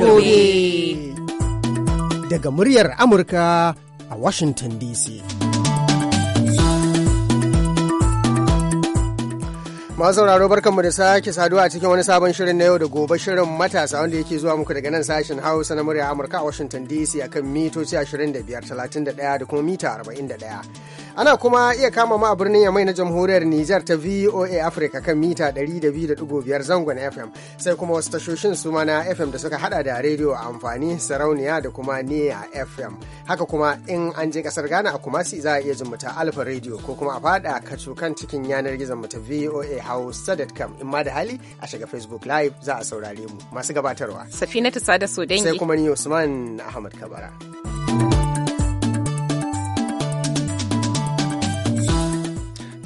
gobe. Daga muryar Amurka a Washington DC. masu sauraro barkanmu da sake saduwa cikin wani sabon shirin na yau da gobe shirin matasa wanda yake zuwa muku daga nan sashen hausa na murya amurka a washington dc akan mitoci 25 31 da kuma mita 41 Ana kuma iya kama ma a birnin Yamai na Jamhuriyar Nijar ta VOA Africa kan mita 200.5 zangon FM sai kuma wasu tashoshin su na FM da suka hada da rediyo a amfani sarauniya da kuma a FM. Haka kuma in an je kasar Ghana a Kumasi za a iya jin ta Alfa rediyo ko kuma a fada kacukan cikin yanar gizon mu ta VOA Hausa.com in ma da hali a shiga Facebook Live za a saurare mu masu gabatarwa. Safinatu Sada Sodengi. Sai kuma ni Usman Ahmad Kabara.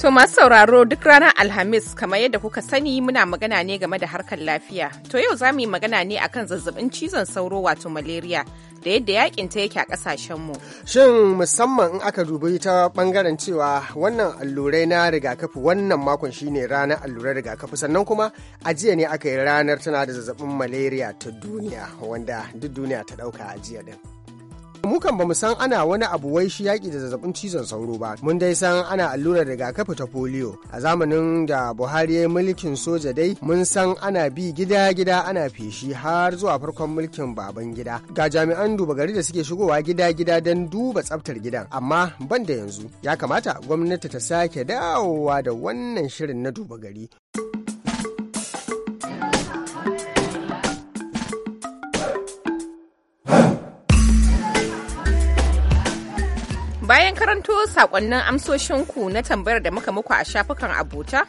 To masu sauraro duk ranar Alhamis kamar yadda kuka sani muna magana ne game da harkar lafiya. To yau za mu yi magana ne akan zazzabin cizon sauro wato malaria da yadda yakin ta yake a mu. Shin musamman in aka dubi ta bangaren cewa wannan allurai na rigakafi wannan makon shine ranar allurar rigakafi sannan kuma a jiya ne aka yi ranar tana da zazzabin malaria ta duniya wanda duk duniya ta dauka a jiya din. Mu kan bamu san ana wani abu wai shi yaƙi da zazzabin cizon sauro ba. Mun dai san ana allurar rigakafi ta polio. A zamanin da Buhari ya mulkin soja dai mun san ana bi gida-gida ana feshi har zuwa farkon mulkin baban gida. Ga jami'an duba gari da suke shigowa gida-gida don duba tsaftar gidan. Amma ban da yanzu ya kamata gwamnati ta sake dawowa da wannan shirin na duba gari. Bayan karanto sakonnin amsoshinku na tambayar da muka muku a shafukan abota,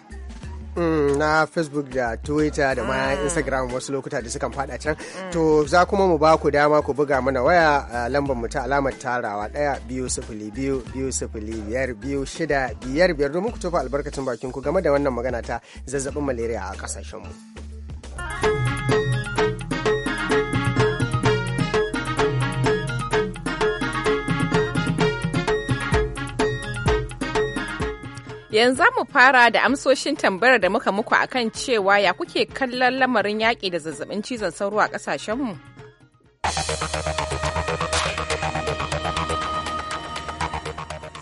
mm, na facebook da twitter da ma mm. instagram wasu lokuta da sukan fada can to za kuma mu ba ku dama ku buga mana waya lambar mu ta alamar tarawa daya biyu sifili biyu biyu sifili biyar biyu shida biyar biyar domin ku tofa albarkacin bakin ku game da wannan magana ta zazzabin malaria a kasashen mu. Yanzu mu fara da amsoshin tambayar da muka muku akan cewa ya kuke kallon lamarin yaƙi da zazzabin cizon sauro a ƙasashenmu.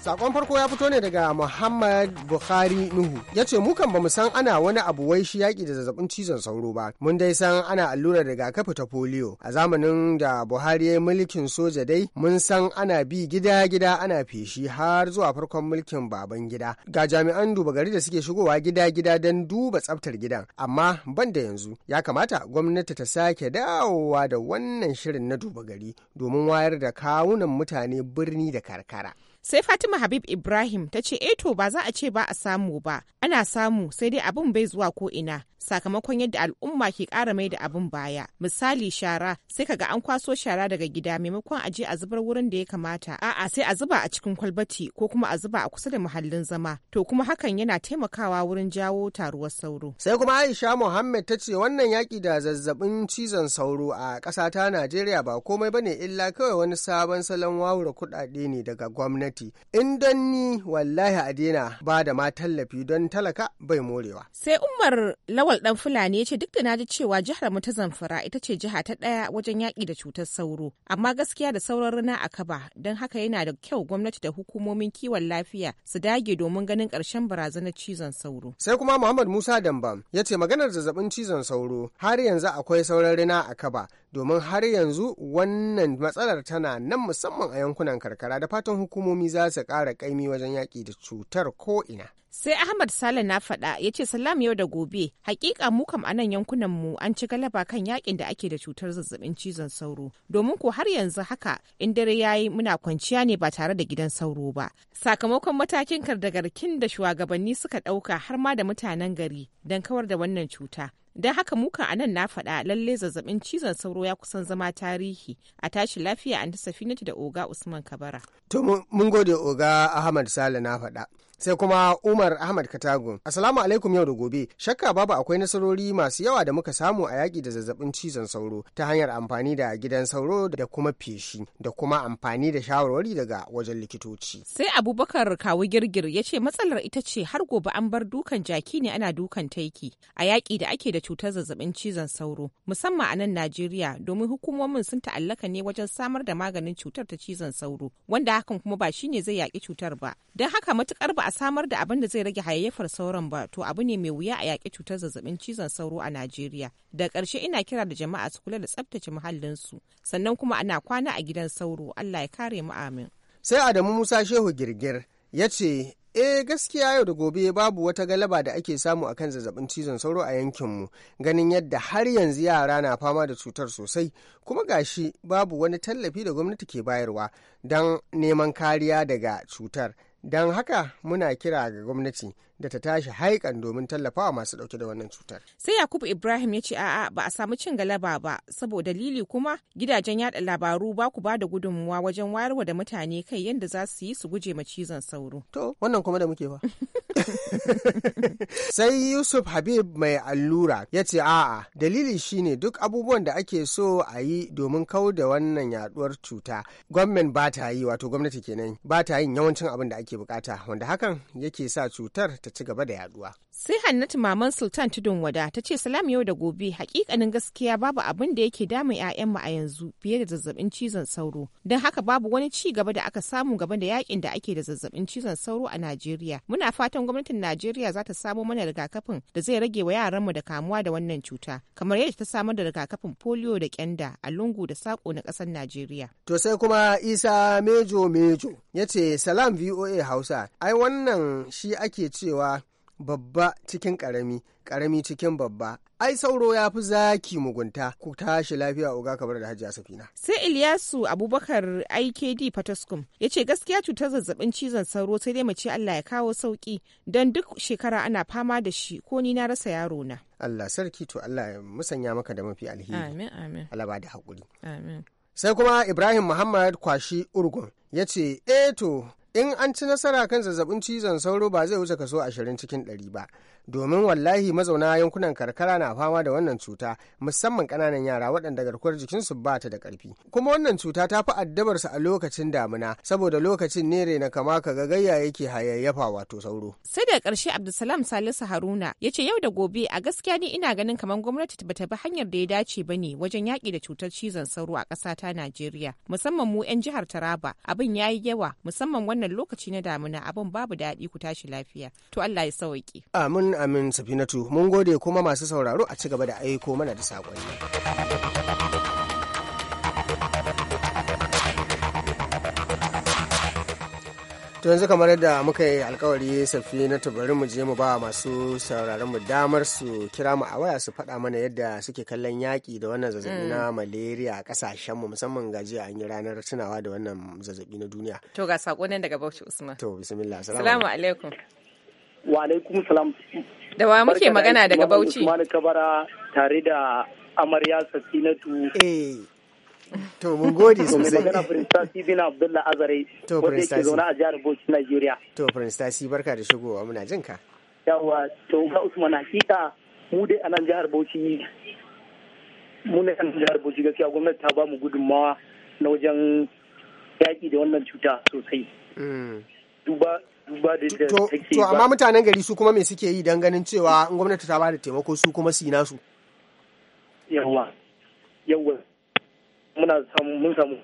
Sakon farko ya fito ne daga Muhammad Bukhari Nuhu. Ya ce mukan mu san ana wani abu wai shi yaƙi da zazzabin cizon sauro ba. Mun dai san ana allurar rigakafi ta polio. A zamanin da Buhari ya mulkin soja dai mun san ana bi gida-gida ana feshi har zuwa farkon mulkin baban gida. Ga jami'an duba gari da suke shigowa gida-gida don duba tsaftar gidan. Amma ban da yanzu ya kamata gwamnati ta sake dawowa da wannan shirin na duba gari domin wayar da kawunan mutane birni da karkara. sai fatima habib ibrahim ta ce eto eh ba za a ce ba a samu ba ana samu sai dai abin bai zuwa ko ina sakamakon yadda al'umma ke kara mai da abin baya misali shara sai kaga an kwaso shara daga gida maimakon a je a zubar wurin da ya kamata a'a sai a zuba a cikin kwalbati ko kuma a zuba a kusa da muhallin zama to kuma hakan yana taimakawa wurin jawo taruwar sauro sai kuma aisha muhammad ta ce wannan yaki da zazzabin cizon sauro a ƙasa ta najeriya ba komai bane illa kawai wani sabon salon wawura kuɗaɗe ne daga gwamnati gwamnati in don ni wallahi a daina ba da ma tallafi don talaka bai morewa. Sai Umar Lawal dan Fulani ya ce duk da na ji cewa jihar mu ta Zamfara ita ce jiha ta ɗaya wajen yaƙi da cutar sauro amma gaskiya da sauran rana a kaba don haka yana da kyau gwamnati da hukumomin kiwon lafiya su dage domin ganin ƙarshen barazanar cizon sauro. Sai kuma Muhammad Musa Dambam ya ce maganar zazzabin cizon sauro har yanzu akwai sauran rana a kaba domin har yanzu wannan matsalar tana nan musamman a yankunan karkara da fatan hukumomi za su ƙara ƙaimi wajen yaƙi da cutar ko ina. Sai Ahmad Sale na faɗa ya ce salam yau da gobe hakika mu kam anan yankunan mu an ci galaba kan yakin da ake da cutar zazzabin cizon sauro domin ko har yanzu haka in dare yayi muna kwanciya ne ba tare da gidan sauro ba sakamakon matakin kardagarkin da shugabanni suka ɗauka har ma da mutanen gari don kawar da wannan cuta Don haka muka a nan na faɗa lalle zazzaɓin cizon sauro ya kusan zama tarihi a tashi lafiya an safinatu da Oga Usman Kabara. To mun gode Oga Ahmad Sale na faɗa. sai kuma Umar Ahmad katago Assalamu alaikum yau da gobe. Shakka babu akwai nasarori masu yawa da muka samu a yaki da zazzabin cizon sauro ta hanyar amfani da gidan sauro da kuma feshi da kuma amfani da shawarwari daga wajen likitoci. Sai Abubakar Kawu Girgir ya ce matsalar ita ce har gobe an bar dukan jaki ne ana dukan taiki a yaƙi da ake da cutar zazzabin cizon sauro musamman a nan Najeriya domin hukumomin sun ta'allaka ne wajen samar da maganin cutar ta cizon sauro wanda hakan kuma ba shine zai yaki cutar ba. Don haka matukar ba ba a samar da abin da zai rage hayayyafar sauran ba to abu ne mai wuya a yaƙi cutar zazzabin cizon sauro a Najeriya. Da ƙarshe ina kira da jama'a su kula da tsabtace muhallinsu sannan kuma ana kwana a gidan sauro Allah ya kare mu amin. Sai Adamu Musa Shehu Girgir ya ce e gaskiya yau da gobe babu wata galaba da ake samu akan zazzabin cizon sauro a yankinmu ganin yadda har yanzu yara na fama da cutar sosai kuma gashi babu wani tallafi da gwamnati ke bayarwa don neman kariya daga cutar don haka muna kira ga gwamnati da ta tashi haikan domin tallafawa masu dauke da wannan cutar. Sai Yakubu Ibrahim ya ce a'a ba a samu cin galaba ba saboda dalili kuma gidajen yada labaru ba ku ba da gudunmuwa wajen wayarwa da mutane kai yadda za su yi su guje ma cizon sauro. To wannan kuma da muke ba. Sai Yusuf Habib mai allura ya ce a'a dalili shine duk abubuwan da ake so a yi domin kau da wannan yaduwar cuta gwamnan ba ta yi wato gwamnati kenan ba ta yin yawancin abin da ake bukata wanda hakan yake sa cutar ta ci gaba da yaduwa. Sai Hannatu Maman Sultan Tudun Wada ta ce salam yau da gobe hakikanin gaskiya babu abin da yake damun mu a yanzu fiye da zazzabin cizon sauro. Don haka babu wani ci gaba da aka samu gaba da yakin da ake da zazzabin cizon sauro a Najeriya. Muna fatan gwamnatin Najeriya za ta samo mana rigakafin da zai rage wa yaranmu da kamuwa da wannan cuta kamar yadda ta samar da rigakafin polio da kyanda a lungu da sako na ƙasar Najeriya. To sai kuma Isa Mejo Mejo ya ce salam VOA Hausa ai wannan shi ake cewa cewa babba cikin ƙarami ƙarami cikin babba ai sauro ya fi zaki mugunta ku tashi lafiya uga kabar da hajiya safina sai iliyasu abubakar ikd fataskum ya ce gaskiya cutar zazzabin cizon sauro sai dai mace allah ya kawo sauki don duk shekara ana fama da shi ko ni na rasa yaro na allah sarki to allah ya musanya maka da mafi alheri amin amin da haƙuri sai kuma ibrahim muhammad kwashi urgun ya ce eh to in an ci nasara kan zazzabin cizon sauro ba zai wuce kaso 20 cikin ɗari ba domin wallahi mazauna yankunan karkara na fama da wannan cuta musamman ƙananan yara waɗanda garkuwar jikinsu ba ta da ƙarfi kuma wannan cuta ta fi addabar su a lokacin damina saboda lokacin ne na kama ka ga gayya yake hayayyafa wato sauro sai da ƙarshe abdulsalam salisu haruna ya ce yau da gobe a gaskiya ni ina ganin kamar gwamnati ba ta bi hanyar da ya dace ba ne wajen yaƙi da cutar cizon sauro a ƙasa ta najeriya musamman mu 'yan jihar taraba abin ya yi yawa musamman wannan lokaci na damina abin babu daɗi ku tashi lafiya to allah ya sauƙi amin amin safinatu mun gode kuma masu sauraro a ci gaba da aiko mana da saƙonni. to yanzu kamar yadda muka yi alkawari safi na bari mu je mu ba masu sauraron mu damar su kira mu a waya su faɗa mana yadda suke kallon yaƙi da wannan zazzabi na mm. malaria a ƙasashen mu musamman ga jiya an yi ranar tunawa da wannan zazzabi na duniya to ga saƙonin daga Bauchi Usman to bismillah assalamu alaikum Wa alaikum salam. Da wa muke magana daga Bauchi? Usman Kabara tare da Amarya sassinatu eh, To mun gode sosai. Magana Prince Tasi bin Abdullah Azare. To Prince Tasi. Wanda yake zaune a jihar Bauchi, Najeriya. To Prince Tasi barka da shigowa muna jin ka. Yawwa to ga Usman hakika mu dai a nan jihar Bauchi mu ne a nan jihar Bauchi gaskiya gwamnati ta ba mu gudunmawa na wajen yaƙi da wannan cuta sosai. Mm. Duba duba da yadda take to amma mutanen gari su kuma me suke yi don ganin cewa in gwamnati ta bada taimako su kuma su yi nasu yawa yawa muna samu mun samu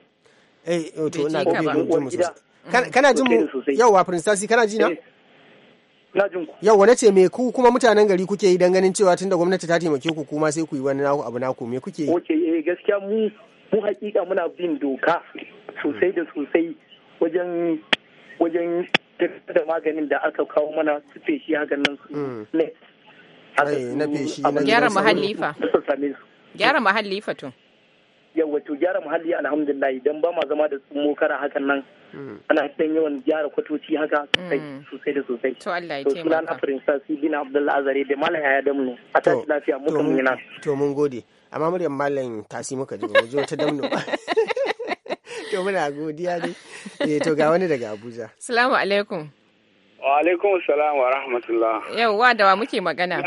eh, eh to ina ga jin sosai kana jin mu yawa prince kana ji na eh, na jin ku yawa nace me ku kuma mutanen gari kuke yi don ganin cewa tunda gwamnati ta taimake ku kuma sai ku yi wani abu naku me kuke yi okay eh gaskiya mu mu hakika muna bin doka sosai da sosai wajen wajen duk da maganin da aka kawo mana su feshi hakan nan su mm. ne na feshi na gyara muhalli fa gyara muhalli fa tun yawa to gyara muhalli alhamdulillah idan ba ma zama da tsummo kara hakan nan mm. ana dan yawan gyara kwatoci haka mm. sosai da sosai to Allah ya taimaka to sunana princess bin abdullahi azare da malam yaya damnu a tashi lafiya mutum yana to mun gode amma muryar malam tasi muka ji mu je ta damnu to muna godiya ne eh to ga wani daga Abuja assalamu alaikum wa alaikum salam wa rahmatullah yauwa da wa muke magana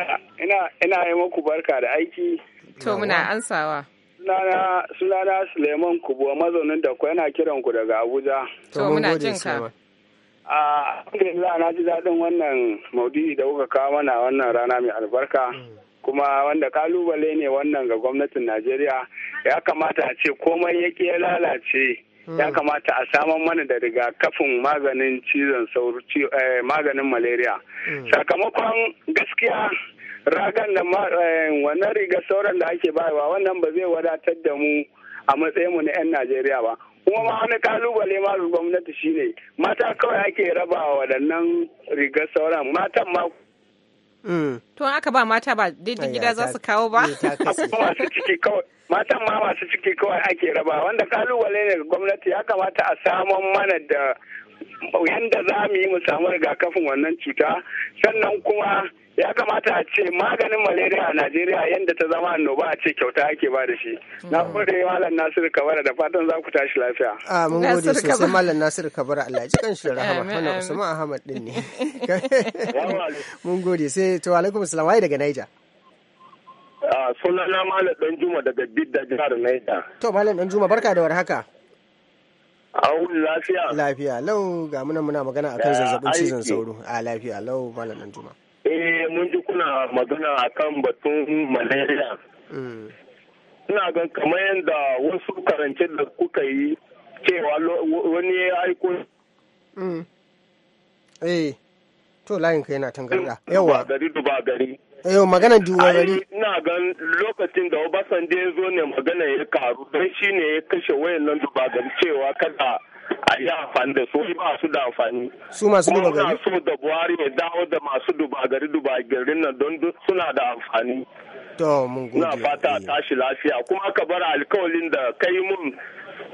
ina ina yi muku barka da aiki to muna ansawa sunana sunana Suleiman Kubuwa mazaunin da ku yana kiran ku daga Abuja to muna jin ka a alhamdulillah na ji daɗin wannan maudu'i da kuka kawo mana wannan rana mai albarka mm. kuma wanda kalubale ne wannan ga gwamnatin najeriya ya kamata a ce komai ya lalace ya hmm. kamata a saman mana da rigakafin maganin cizon sauro eh, maganin malaria hmm. sakamakon gaskiya ragan da eh, wannan riga sauran da ake bayarwa wannan ba zai wadatar da mu a matsayinmu na 'yan najeriya ba kuma ma wani kalubale ma gwamnati shine mata kawai ake raba waɗannan rigar sauran matan ma Mm. To aka ba mata ba daidai gida za su kawo ba? Eh, matan ma masu ciki kawai ake raba wanda kalubale ne ga gwamnati ya kamata a samun mana da yanda za mu yi mu samu rigakafin wannan cuta sannan kuma ya kamata a ce maganin malaria a najeriya yadda ta zama annoba a ce kyauta ake ba da shi na hmm. gode malam nasiru kabara da fatan za ku tashi lafiya a ah, mun gode sosai malam nasiru kabara allah ji kan shi da rahama wannan usman ahmad din ne mun gode sai to alaikum salam wai daga naija ah, sunana malam dan juma daga bidda jihar naija to malam dan juma barka da warhaka Awun lafiya. Lafiya, lau ga munan muna magana akan zazzabin cizon sauro. A ah, lafiya, lau malam dan juma. eh mun ji kuna magana akan batun malaria mm. ina gan kamar yadda wasu karance da kuka yi cewa wani ya aiko mm. eh to layin ka yana tangarda yawa gari duba gari yau eh, magana duba gari ina gan lokacin da obasanjo ya zo ne magana ya karu don shi ne ya kashe wayannan duba gari cewa kada a yi amfani da su ba su da amfani. Su masu duba gari? so da Buhari ya dawo da masu duba gari duba gari nan don suna da amfani. To mun gode. Na fata tashi lafiya kuma ka bar alkawalin da kai mun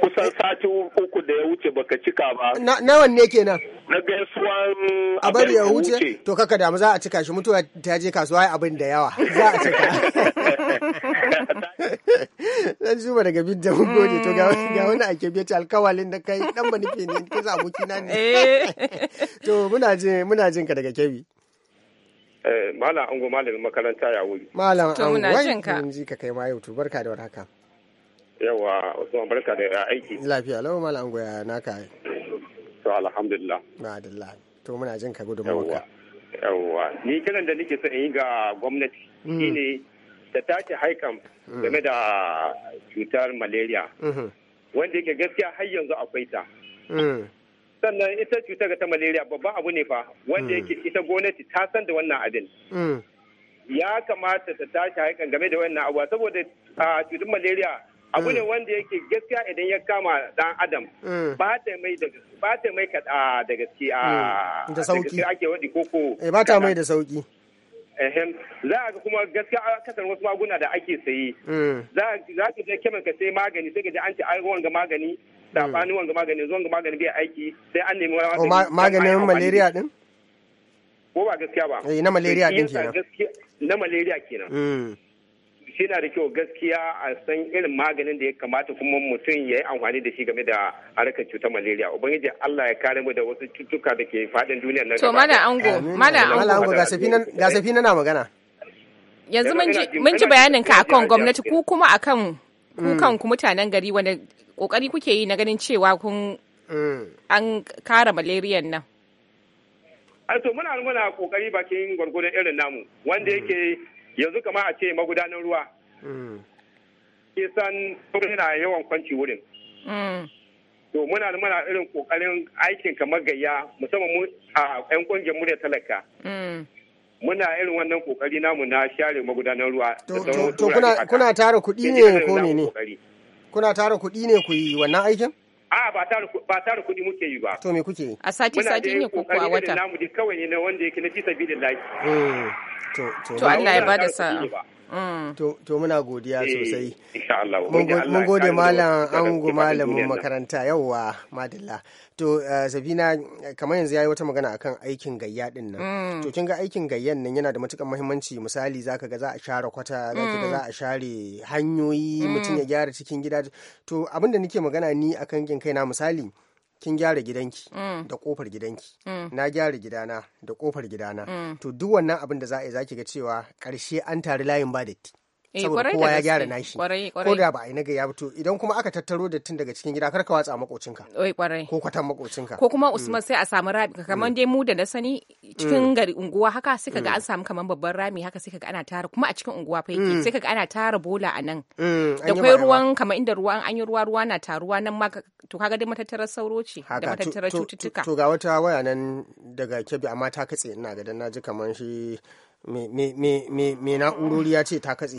kusan sati uku da ya wuce baka cika ba. Nawan ne kenan? Na gaisuwan abin ya wuce. To kaka damu za a cika shi mutuwa ta je kasuwa abin da yawa. Za a cika. dan zuba daga da mun gode to ga wani mm. a kebe ta alkawalin da kai dan ba nufi ne za aboki na ne eh. to muna jin muna jin ka daga kebi eh, malam ango malamin makaranta ya wuri malam ango wai kun ji ka kai ma yau to barka da warhaka yawa usman barka da aiki lafiya lawa malam ango ya naka to alhamdulillah ma'adallah to muna jin ka gudunmawa yawa ni kiran da nake so in ga gwamnati mm. shine ta tashi haikan game da cutar malaria wanda yake gaskiya har yanzu akwai ta sannan ita cutar ta malaria babban abu ne fa wanda yake ita gwamnati ta san da wannan abin ya kamata ta tashi haikan game da wannan abu saboda cutar malaria abu ne wanda yake gaskiya idan ya kama dan adam ba ta mai da gaske da sauki ake wadi koko eh, ba ta mai da sauki za a ga kuma gaskiya a kasar wasu maguna da ake saye mm. za ka je kemin ka sai magani sai ka je an ce an wanga magani sabanin wanga magani zuwan ga magani bai aiki sai an nemi oh, maganin malaria din ko ba gaskiya ba eh, na malaria din kenan na malaria kenan mm. yana da kyau gaskiya a san irin maganin da ya kamata kuma mutum ya yi amfani da shi game da harkar cutar malaria ubangiji Allah ya kare mu da wasu cututtuka da ke faɗin duniya nan to mana ango mana ango ga safi na magana yanzu mun ji bayanin ka akan gwamnati ku kuma akan ku mm. kanku mutanen gari wanda kokari kuke yi na ganin cewa kun mm. an kare malaria nan to muna muna kokari bakin gwargwadon irin namu wanda mm. yake yanzu kama a ce magudanar ruwa turai hmm. yana yawan kwanci wurin hmm. to muna muna irin kokarin aikin kamar gayya musamman mu a yan kungiyar murya talaka hmm. muna irin wannan kokari namu na share magudanar ruwa to kuna tara kuɗi ne ko ne kuna tara kuɗi ne ku yi wannan aikin a ba tara ba tara kuɗi muke yi ba to me kuke a sati sati ne ko a wata muna da namu kawai ne na wanda yake na fi sabilillahi to Allah ya bada sa'a mm. to muna godiya eh, sosai mun gode malam ango malamin makaranta yawa madalla to eh, sabina kamar yanzu ya yi wata magana akan aikin gayya din nan mm. to kin ga aikin gayyan nan yana da matukar muhimmanci misali zaka ga za a share kwata zaka ga za a mm. share hanyoyi mutum ya gyara cikin gida to abinda nake magana ni akan kin kaina misali kin gyara gidanki mm. da kofar gidanki mm. na gyara gidana da kofar gidana mm. to duk wannan abin da za a yi zaki ga cewa ƙarshe an tari layin ba datti Eh, saboda kowa ya gyara nashi ko da ba a yi naga ya fito idan kuma aka tattaro dattin daga cikin gida kar ka watsa makocinka ko kwatan makocinka ko kuma mm. usman sai a samu rami kamar mm. dai mu da na sani cikin mm. gari unguwa haka sai kaga an samu kamar babban rami haka sai kaga ana tara kuma a cikin unguwa fa yake sai kaga ana tara bola a nan da kwai ruwan kamar inda ruwan an yi ruwa ruwa na taruwa nan ma to kaga dai matattarar sauro ce da matattarar cututtuka to ga wata waya nan daga kebbi amma ta katse ina ga dan naji kamar shi me na'urori ya ce ta katse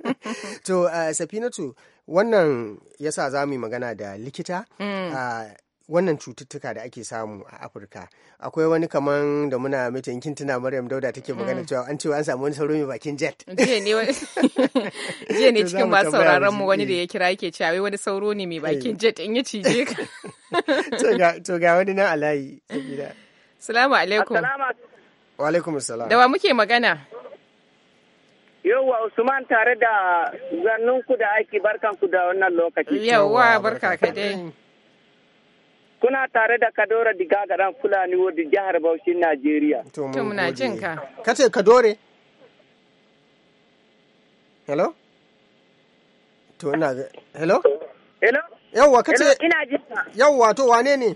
to uh, safinatu wannan yasa za mu yi magana da likita mm. uh, wannan cututtuka da ake samu a afirka akwai wani kaman da muna mitin tuna maryam dauda take magana mm. cewa an cewa an samu wani sauro mai bakin jet jiya ne cikin masu sauraron mu wani da eh. ya kira yake cewa wai wani sauro ne mai bakin eh. jet in ya cije ka to ga wani nan alayi sabida salamu alaikum Wa salam. Da wa muke magana? wa Usman tare da zannunku da aiki barkanku da wannan lokaci. wa barka ka dai. Kuna tare da kadore Diga gagaran Fulani Wadi jihar Bauchi Najeriya. To muna jin ka. Kace Kadore? Hello? To ina Hello? Hello? Yawwa kace Yawwa to wane ne?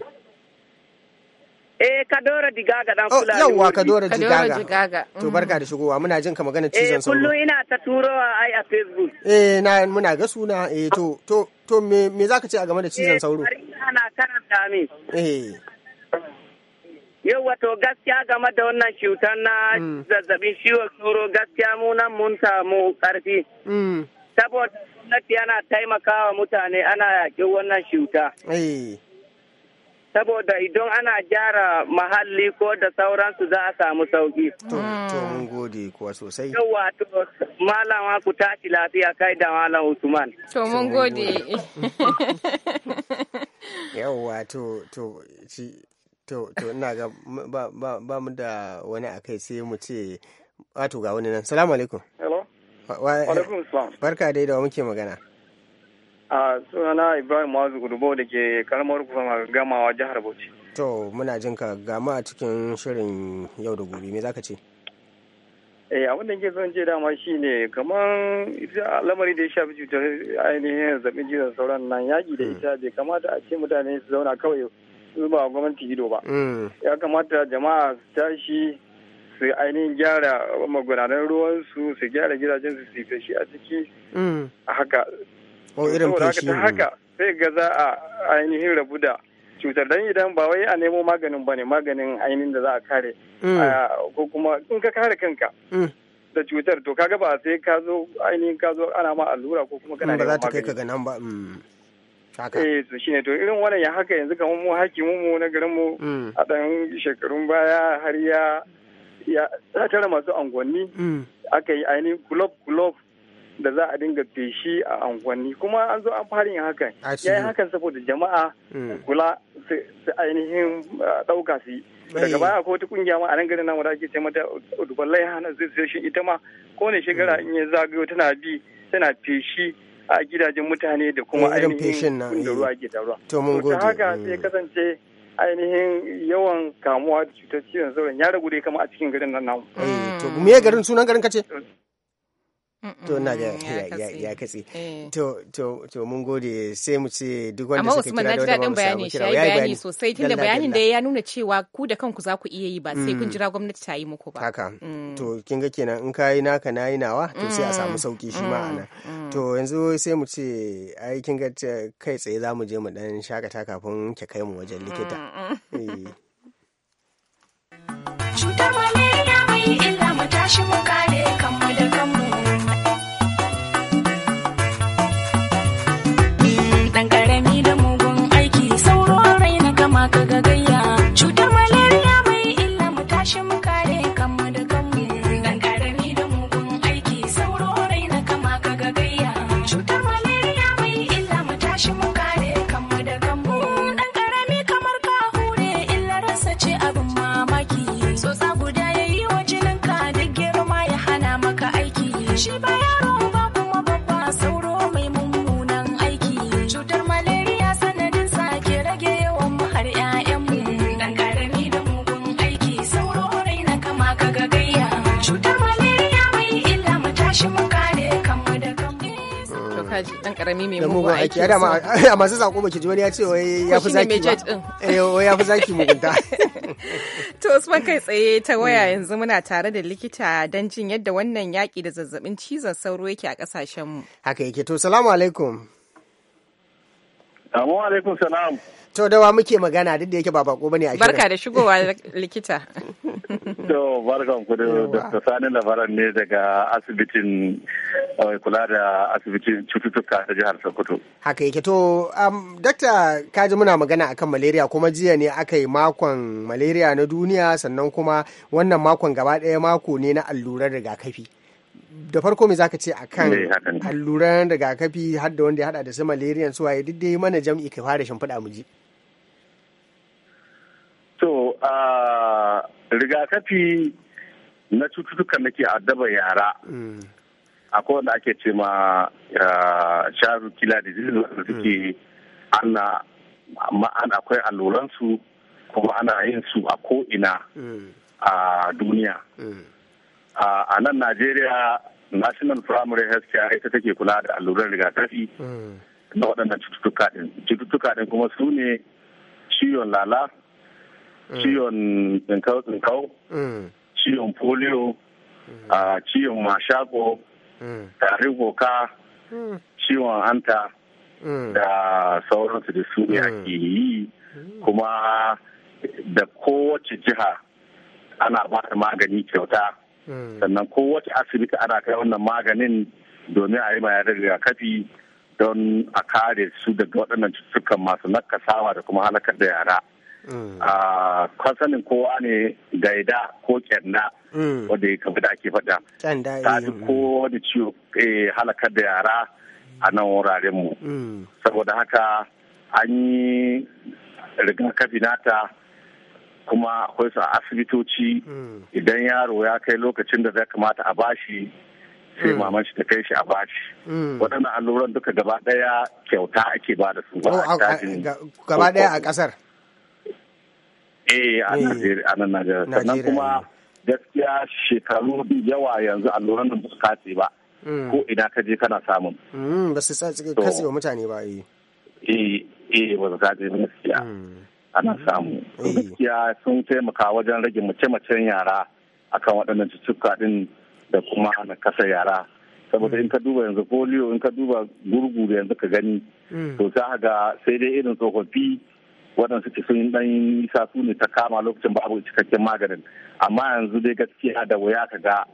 Eh Kadora Gaga dan oh, Fulani. Yawwa Kadora Gaga. To mm. barka da shigowa muna jin ka magana cizon eh, sauro. Eh kullum ina ta turowa ai a Facebook. Eh na muna ga suna eh to to to me me zaka ce a game da eh, cizon sauro? Eh ana karanta min. Eh. Yawwa to gaskiya game da wannan cutar na mm. zazzabin ciwon sauro gaskiya mu nan mun samu karfi. Mm. Saboda gwamnati yana taimakawa mutane ana yaƙin wannan cuta. Eh. saboda idan ana gyara mahalli ko da sauransu za a samu sauki. To mun gode kuwa sosai. Yawwa to malama ku tashi lafiya kai da malam Usman. To mun gode. Yawwa to to to to ina ga ba mu da wani akai sai mu ce wato ga wani nan. Salamu alaikum. Hello. Wa alaikum salam. Barka dai da muke magana. a sunana ibrahim mazu gudubo da ke karamar hukumar gamawa jihar bauchi to muna jin ka gama a cikin shirin yau da gobe me zaka ce eh abin da son ce dama shine kamar lamari da ya shafi cutar ainihin zaɓin cizon sauran nan yaƙi da ita bai kamata a ce mutane su zauna kawai su ba gwamnati ido ba mm. ya kamata jama'a su tashi su ainihin gyara magudanan ruwansu su gyara gidajensu su yi feshi a ciki mm. a haka ko irin fashi ne haka sai ga za a ainihin rabu da cutar dan idan ba wai a nemo maganin bane maganin ainihin da za a kare mm. ko kuma in ka kare kanka mm. da cutar to kaga ba sai ka zo ainihin ka zo ana ma allura ko kuma kana da mm, za ta kai ka ga nan ba haka eh to shine to irin wannan ya haka yanzu kamar mu hakimin mu na garin mu a dan shekarun baya har ya ya tara masu angonni aka yi ainihin club club da za a dinga feshi a anguwanni kuma an zo an fara yin hakan ya yi hakan saboda jama'a hmm. kula su ainihin uh, ɗauka su daga baya ko wata kungiya ma a nan garin namu da ake sai mata dubalai hana zai ita ma kowane shekara hmm. in yi zagayo tana bi tana feshi a gidajen mutane da kuma ainihin da ruwa ke taruwa. To mun gode. haka hmm. sai kasance ainihin yawan kamuwa da cutar cizon sauran ya ragu dai kama a cikin garin nan namu. Eh, to me garin sunan garin kace? Eh, to na ga ya katse eh. to to to mun gode sai mu ce duk wanda suka kira da wanda ba mu kira ya bayani sosai tunda bayanin da ya nuna cewa ku da kanku za ku iya yi ba sai kun mm. jira gwamnati ta yi muku ba haka mm. to kin ga kenan in ka yi naka nayi nawa to sai a samu mm. sauki shi ma ana to yanzu sai mu ce ai kin ga kai tsaye za mu je mu dan shakata kafin ki kai mu wajen likita eh. cutar malaria mai illa mu tashi mu kai karami mai mugun aiki da a masu sako baki ji wani ya ce wai ya fi zaki eh, ya fi mugunta to Usman kai tsaye ta mm. waya yanzu muna tare da likita don jin yadda wannan yaki da zazzabin cizon sauro yake a kasashen mu haka yake to salamu alaikum Assalamu alaikum salam To dawa muke magana duk da yake ba bako bane a shirin. Barka da shigowa likita. To barkan ku da Sani Labaran ne daga asibitin eh, kula da asibitin cututtuka ta jihar Sokoto. Haka yake to um, dr kaji muna magana akan malaria kuma jiya ne aka yi makon malaria na duniya sannan kuma wannan makon gaba ɗaya mako ne na allurar rigakafi. da farko me zaka ce akan eh, alluran rigakafi har da wanda ya hada da su malaria su waye duk dai mana jam'i ka fara shimfiɗa mu ji. rigakafi na cututtukan da ke addaba yara akwai wanda ake ce ma sharu kila da wanda hmm. suke ana ma'ana akwai alluransu kuma ana yin su a ko'ina hmm. a duniya hmm. a nan najeriya national primary health care ita take kula da alluran rigakafi na waɗannan cututtuka ɗin cututtuka ɗin kuma su ne ciwon lala Eh. ciwon tsinkau-tsinkau eh. ciwon polio eh. a ah, ciwon mashako tarin boka ciwon hanta da sauransu da su ne ake yi kuma da kowace jiha ana ba da magani kyauta sannan kowace asibiti ana kai wannan maganin domin a yi ma rigakafi don a kare su daga waɗannan cututtukan masu nakasawa da kuma halakar da yara. a kwasanin kowa ne gaida ko kyanna mm. wadda ya kafa da ake fada ta ji mm. ko da ciwo eh, halakar da yara a nan wuraren mu mm. saboda haka an yi rigakafi nata kuma akwai su asibitoci idan yaro ya kai lokacin da zai kamata a bashi sai maman shi ta kai shi a bashi waɗannan alluran duka gaba ɗaya kyauta ake ba da su ba oh, gaba ɗaya a ƙasar eh, eh a nan Najeriya sannan kuma gaskiya shekaru yawa yanzu alluran da su katse ba hmm. ko ina ka je kana samun hmm, ba su kasi wa mutane ba eh. eh eh ba su katse ba gaskiya hmm. ana samu eh. gaskiya sun taimaka wajen rage mace-macen yara akan waɗannan cututtuka din da kuma na kasa yara saboda in ka duba yanzu polio in ka duba gurgu da yanzu ka gani to za ga sai dai irin tsofaffi waɗanda suke sun ɗan nisa su ne ta kama lokacin babu cikakken maganin amma yanzu dai gaskiya da wuya ka ga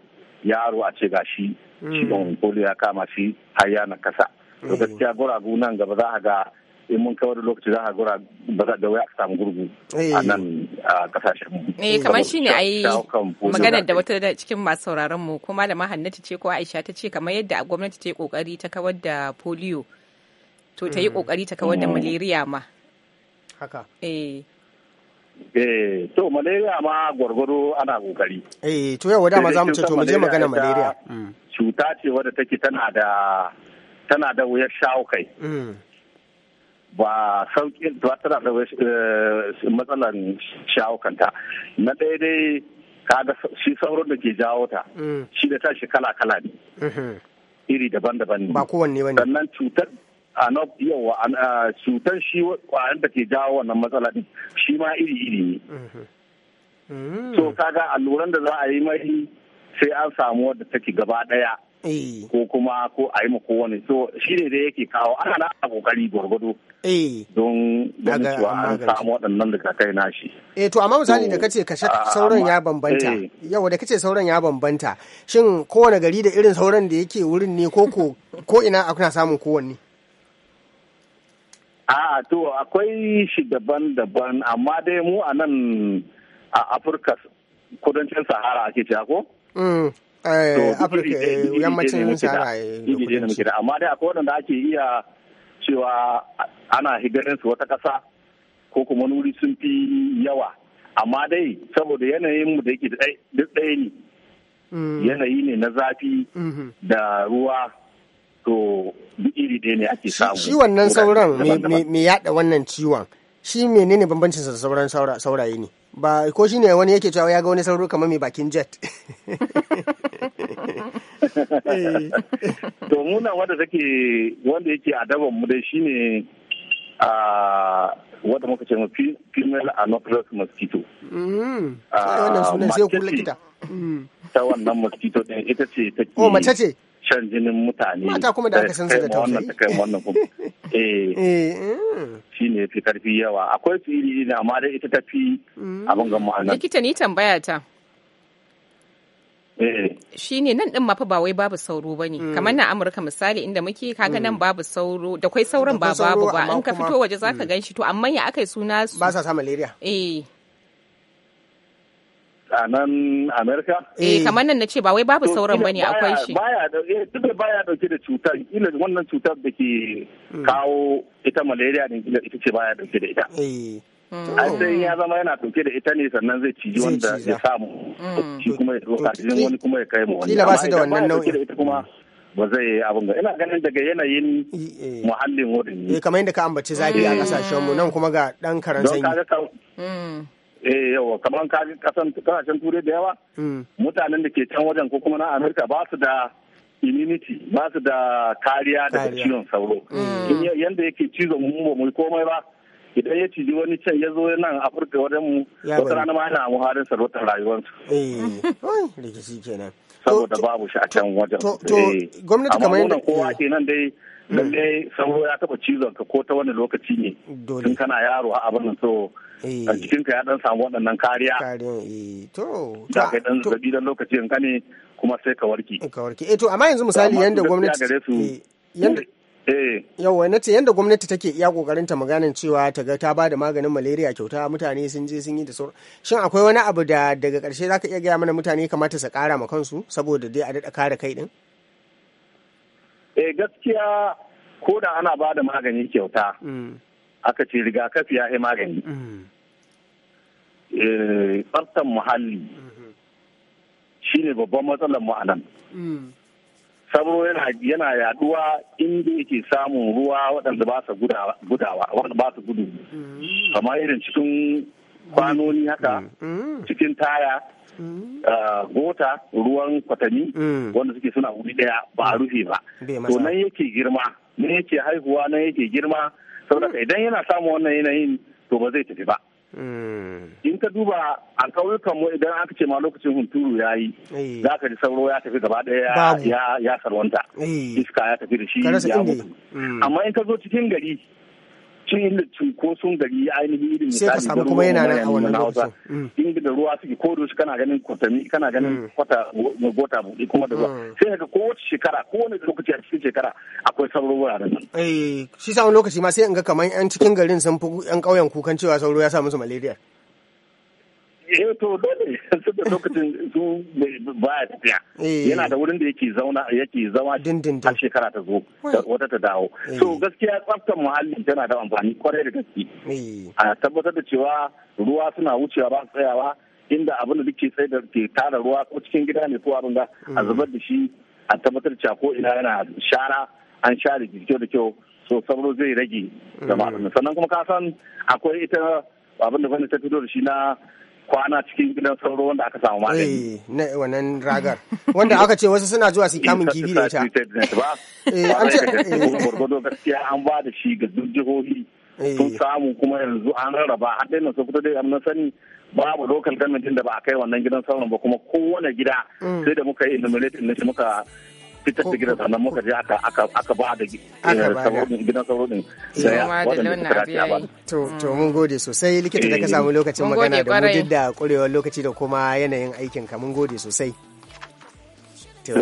yaro a ce gashi hmm. ciwon polio ya kama shi har ya kasa to hmm. gaskiya guragu nan gaba za a ga in mun kawar da lokaci za a gura ba za da waya a samu gurgu a eh. nan a kasashen mu. Eh kamar shi ne ai maganar da wata da cikin masu sauraron mu ko malama Hannatu ce ko Aisha ta ce kamar yadda gwamnati ta yi kokari ta kawar da polio to ta yi kokari hmm. ta kawar da malaria ma haka eh. eh to malaria ma gwargwaro ana kokari eh to yau dama za mu ce to mu je magana malaria cuta ce wadda take tana da tana da wuyar shawo kai mm. ba sauƙin ba tana da eh, matsalar shawo kanta na ɗaya dai kaga shi sauron da ke jawo ta mm. shi da tashi kala kala ne mm-hmm. iri daban-daban ne ba kowanne wani. sannan cutar a na yawa cutar shi kwayan da ke jawo wannan matsala din shi ma iri iri ne mm-hmm. so kaga alluran da za a yi mai sai an samu wadda take gaba daya eh. ko kuma ko a yi ma wani so shi ne da yake kawo ana na a kokari gwargwado eh. don cewa an samu waɗannan da kai na shi eh to amma misali da kace kashe sauran ya bambanta eh. yawa da kace sauran ya bambanta shin kowane gari da irin sauran da yake wurin ne ko ko ina akuna samun kowanne A'a to akwai shi daban-daban amma dai mu a nan a Afirka kudancin Sahara ake cewa ko? Mm, eh, Afirka eh, amma dai akwai waɗanda ake iya cewa ana hidirin su wata ƙasa ko kuma nuri sun fi yawa amma dai saboda yanayin mu da yake duk ɗaya ne mm. yanayi ne na zafi mm-hmm. da ruwa to iri dai ne ake samu shi wannan sauran me yada wannan ciwon shi menene bambancin sa sauran sauraye ne ba ko shi ne wani yake cewa ya ga wani sauro kamar mai bakin jet to muna wanda take wanda yake adaban mu dai shine a wanda muka ce mu female anopheles mosquito mm-hmm. a wannan sunan sai kula kita mm-hmm. ta wannan mosquito din ita ce take oh mace ce shan jinin mutane mata kuma da aka san su da tausayi wannan kai wannan kuma eh. eh shi ne fi karfi yawa akwai fili ne amma dai ita ta fi mm. abin ga ma'ana likita ni tambaya ta eh. shi ne nan din ma fa ba wai babu sauro ba ne mm. kamar na amurka misali inda muke kaga nan mm. babu sauro da kwai sauran ba babu ba in ka fito waje zaka gan shi to amma ya yi suna su ba sa sa malaria eh a nan Amerika? Eh, eh, kamar nan na ce ba wai babu sauran bane akwai shi. Baya da eh, duka baya dauke da cutar, ila wannan cutar da ke hmm. kawo ita malaria ne ila ita ce baya dauke da ita. Eh. Hmm. An sai ya zama yana dauke da ita ne sannan zai ciji wanda ya samu. Hmm. Shi kuma ya roka wani kuma ya kai mu wani. Kila ba su da wannan nau'in. ba zai abin ga ina ganin daga yanayin eh, muhallin wurin ne kamar yadda ka ambaci zafi a kasashen mu nan kuma ga dan karan sanyi eh yawa kamar kasan kasashen turai da yawa mm. mutanen da ke can wajen ko kuma na amerika ba su da immunity ba su da kariya daga ciwon sauro mm. yanda yake cizon mu ba mu komai ba idan ya ciji wani can ya zo nan afirka wajen mu wata rana ma yana harin sarautar rayuwarsu eh. rikici saboda babu shi a can wajen eh. gwamnati kamar yadda kowa kenan dai lalle sauro ya taba cizon ka ko ta wani lokaci ne tun kana yaro eh. a abin so a cikin ka ya dan samu waɗannan kariya eh. to da kai dan zabi dan lokacin ka ne kuma sai ka warke ka warke eh to amma yanzu misali yanda gwamnati eh, yanda yauwa na ce yadda gwamnati take iya kokarin ta maganin cewa ta ga ta bada maganin malaria kyauta mutane sun je sun yi da sauran shin akwai wani abu da daga karshe zaka iya gaya mana mutane kamata su kara ma kansu saboda dai a daɗa kare kai din eh gaskiya ko da ana ba da magani kyauta mm. aka ce rigakafi ya yi magani mm. eh, tsartan muhalli mm-hmm. shi ne babban matsalar mu a mm. sauro yana yaduwa inda yake samun ruwa waɗanda ba su gudawa waɗanda ba su gudu kamar irin cikin kwanoni haka cikin taya gota ah, ruwan kwatami mm. wanda suke suna wuri daya ba a rufe ba to nan yake girma nan yake haihuwa nan yake girma saboda mm. idan yana samun wannan yanayin to ba zai tafi ba mm. in ka duba a mu idan aka ce ma lokacin hunturu ya yi za ka ji sauro ya tafi gaba ɗaya ya sarwanta iska ya tafi da shi ya mutu amma in ka zo cikin gari cikin cunkoson gari ainihin irin misali da kuma yana nan a wannan lokacin mm. inda da ruwa suke ko dusu kana ganin kwatami kana ganin mm. kwata gota buɗe kuma da ruwa mm. sai ka kowace shekara ko wani lokaci a cikin shekara akwai sauro wuraren nan eh shi sa wani lokaci ma sai in ga kamar yan cikin garin sun fi yan ƙauyen kukan cewa sauro ya sa musu malaria eh to dole su da lokacin su ba ya tafiya eh. yana da wurin da yake zauna yake zama har shekara ta zo wata ta dawo eh. so gaskiya tsaftar muhalli tana da amfani kwarai da gaske eh. a tabbatar da cewa ruwa suna wucewa ba tsayawa inda abin da duke tsaye da ke tara ruwa ko cikin gida ne ko abin da a mm. zubar da shi a tabbatar cewa ko ina yana shara an share kyau da kyau so sauro zai rage da mm. sannan kuma ka san akwai ita abin da ta fito da shi na kwana cikin gidan sauro wanda aka samu magani. Eh, wannan ragar. Wanda aka ce wasu suna zuwa su kamun kibi da ita. Eh, an ce eh. gurgurdo gaskiya an ba da shi ga duk jihohi. Eh. Sun samu kuma yanzu an rarraba an daina su fito dai na sani babu local government da ba a kai wannan gidan sauran ba kuma kowane gida mm. sai da muka yi illuminating ne muka fitar da gidan sannan muka je aka aka ba da eh, gidan sauro din saya wadanda suka to to mun gode sosai likita da ka eh. samu lokacin magana da mu duk da kurewar lokaci da kuma yanayin aikin ka mun gode sosai to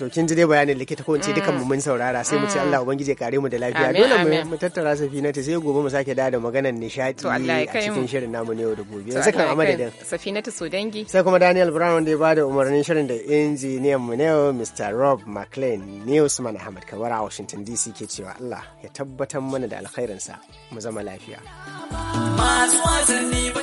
to kin ji dai bayanin likita ko in ce dukan mu mun saurara sai mu ce mm. Allah ubangiji ya kare mu da lafiya dole mu tattara safina ta sai gobe mu sake da da maganar nishadi a cikin shirin namu ne yau da gobe yanzu kan a madadin safina ta so dangi sai kuma Daniel Brown wanda ya bada umarnin shirin da injiniyan mu ne Mr Rob McLean ne Usman Ahmad kamar a Washington DC ke cewa Allah ya tabbatar mana da alkhairinsa mu zama lafiya masu wasanni ba